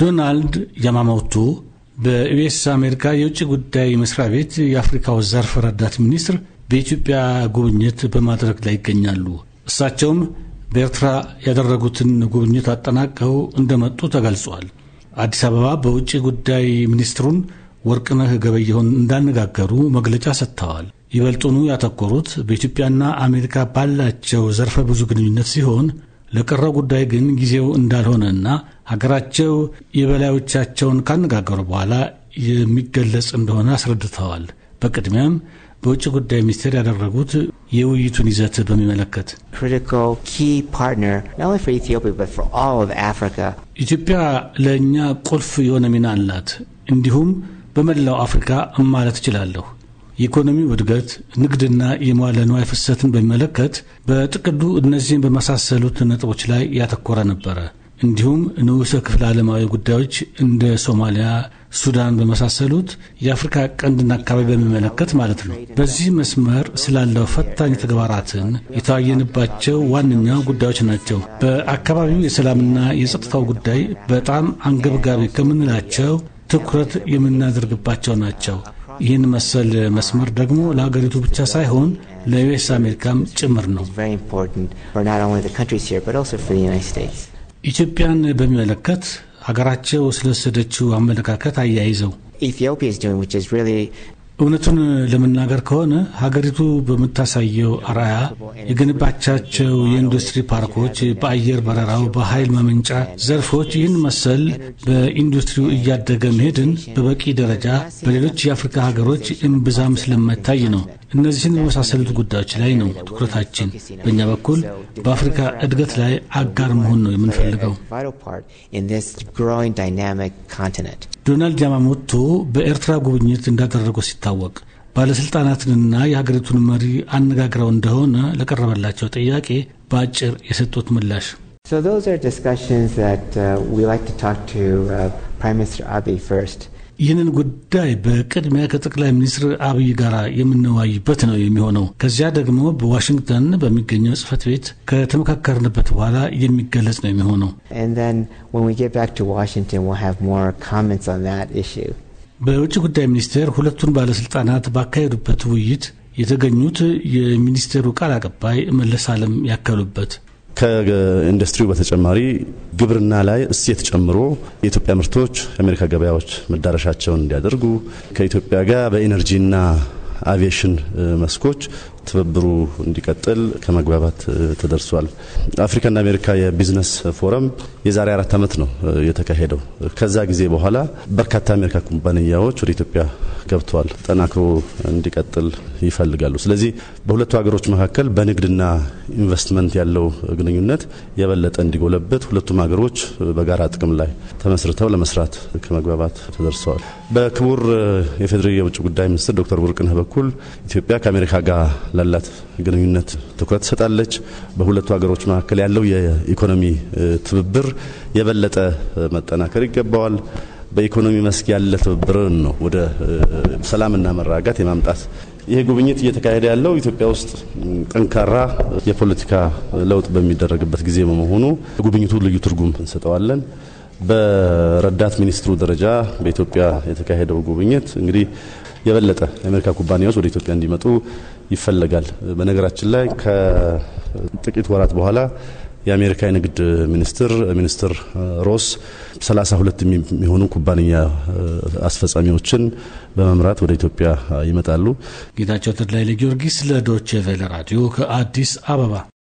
ዶናልድ ያማሞቶ በዩኤስ አሜሪካ የውጭ ጉዳይ መስሪያ ቤት የአፍሪካው ዘርፍ ረዳት ሚኒስትር በኢትዮጵያ ጉብኝት በማድረግ ላይ ይገኛሉ። እሳቸውም በኤርትራ ያደረጉትን ጉብኝት አጠናቀው እንደመጡ ተገልጿል። አዲስ አበባ በውጭ ጉዳይ ሚኒስትሩን ወርቅነህ ገበየሁን እንዳነጋገሩ መግለጫ ሰጥተዋል። ይበልጡኑ ያተኮሩት በኢትዮጵያና አሜሪካ ባላቸው ዘርፈ ብዙ ግንኙነት ሲሆን ለቀረው ጉዳይ ግን ጊዜው እንዳልሆነና ሀገራቸው የበላዮቻቸውን ካነጋገሩ በኋላ የሚገለጽ እንደሆነ አስረድተዋል። በቅድሚያም በውጭ ጉዳይ ሚኒስቴር ያደረጉት የውይይቱን ይዘት በሚመለከት ኢትዮጵያ ለእኛ ቁልፍ የሆነ ሚና አላት፣ እንዲሁም በመላው አፍሪካ ማለት እችላለሁ የኢኮኖሚው እድገት፣ ንግድና የመዋለ ንዋይ ፍሰትን በሚመለከት በጥቅሉ እነዚህን በመሳሰሉት ነጥቦች ላይ ያተኮረ ነበረ። እንዲሁም ንዑሰ ክፍለ ዓለማዊ ጉዳዮች እንደ ሶማሊያ፣ ሱዳን በመሳሰሉት የአፍሪካ ቀንድና አካባቢ በሚመለከት ማለት ነው። በዚህ መስመር ስላለው ፈታኝ ተግባራትን የተዋየንባቸው ዋነኛው ጉዳዮች ናቸው። በአካባቢው የሰላምና የጸጥታው ጉዳይ በጣም አንገብጋቢ ከምንላቸው ትኩረት የምናደርግባቸው ናቸው። ይህን መሰል መስመር ደግሞ ለሀገሪቱ ብቻ ሳይሆን ለዩኤስ አሜሪካም ጭምር ነው። ኢትዮጵያን በሚመለከት ሀገራቸው ስለወሰደችው አመለካከት አያይዘው እውነቱን ለመናገር ከሆነ ሀገሪቱ በምታሳየው አራያ የገነባቻቸው የኢንዱስትሪ ፓርኮች፣ በአየር በረራው፣ በኃይል ማመንጫ ዘርፎች ይህን መሰል በኢንዱስትሪው እያደገ መሄድን በበቂ ደረጃ በሌሎች የአፍሪካ ሀገሮች እምብዛም ስለማይታይ ነው። እነዚህን የመሳሰሉት ጉዳዮች ላይ ነው ትኩረታችን። በእኛ በኩል በአፍሪካ እድገት ላይ አጋር መሆን ነው የምንፈልገው። ዶናልድ ያማሞቶ በኤርትራ ጉብኝት እንዳደረጉ ሲታወቅ ባለሥልጣናትንና የሀገሪቱን መሪ አነጋግረው እንደሆነ ለቀረበላቸው ጥያቄ በአጭር የሰጡት ምላሽ So those አቤ discussions uh, ይህንን ጉዳይ በቅድሚያ ከጠቅላይ ሚኒስትር አብይ ጋር የምንወያይበት ነው የሚሆነው። ከዚያ ደግሞ በዋሽንግተን በሚገኘው ጽህፈት ቤት ከተመካከርንበት በኋላ የሚገለጽ ነው የሚሆነው። በውጭ ጉዳይ ሚኒስቴር ሁለቱን ባለስልጣናት ባካሄዱበት ውይይት የተገኙት የሚኒስቴሩ ቃል አቀባይ መለስ አለም ያከሉበት ከኢንዱስትሪው በተጨማሪ ግብርና ላይ እሴት ጨምሮ የኢትዮጵያ ምርቶች የአሜሪካ ገበያዎች መዳረሻቸውን እንዲያደርጉ ከኢትዮጵያ ጋር በኢነርጂና አቪዬሽን መስኮች ትብብሩ እንዲቀጥል ከመግባባት ተደርሷል። አፍሪካና አሜሪካ የቢዝነስ ፎረም የዛሬ አራት ዓመት ነው የተካሄደው። ከዛ ጊዜ በኋላ በርካታ አሜሪካ ኩባንያዎች ወደ ኢትዮጵያ ገብተዋል። ጠናክሮ እንዲቀጥል ይፈልጋሉ። ስለዚህ በሁለቱ ሀገሮች መካከል በንግድና ኢንቨስትመንት ያለው ግንኙነት የበለጠ እንዲጎለበት ሁለቱም ሀገሮች በጋራ ጥቅም ላይ ተመስርተው ለመስራት ከመግባባት ተደርሰዋል። በክቡር የፌዴራል የውጭ ጉዳይ ሚኒስትር ዶክተር ወርቅነህ በኩል ኢትዮጵያ ከአሜሪካ ጋር ላላት ግንኙነት ትኩረት ትሰጣለች። በሁለቱ ሀገሮች መካከል ያለው የኢኮኖሚ ትብብር የበለጠ መጠናከር ይገባዋል። በኢኮኖሚ መስክ ያለ ትብብርን ነው ወደ ሰላምና መረጋጋት የማምጣት ይሄ ጉብኝት እየተካሄደ ያለው ኢትዮጵያ ውስጥ ጠንካራ የፖለቲካ ለውጥ በሚደረግበት ጊዜ በመሆኑ ጉብኝቱ ልዩ ትርጉም እንሰጠዋለን። በረዳት ሚኒስትሩ ደረጃ በኢትዮጵያ የተካሄደው ጉብኝት እንግዲህ የበለጠ የአሜሪካ ኩባንያዎች ወደ ኢትዮጵያ እንዲመጡ ይፈለጋል። በነገራችን ላይ ከጥቂት ወራት በኋላ የአሜሪካ የንግድ ሚኒስትር ሚኒስትር ሮስ 32 የሚሆኑ ኩባንያ አስፈጻሚዎችን በመምራት ወደ ኢትዮጵያ ይመጣሉ። ጌታቸው ተድላይ ለጊዮርጊስ ለዶቼ ቬለ ራዲዮ ከአዲስ አበባ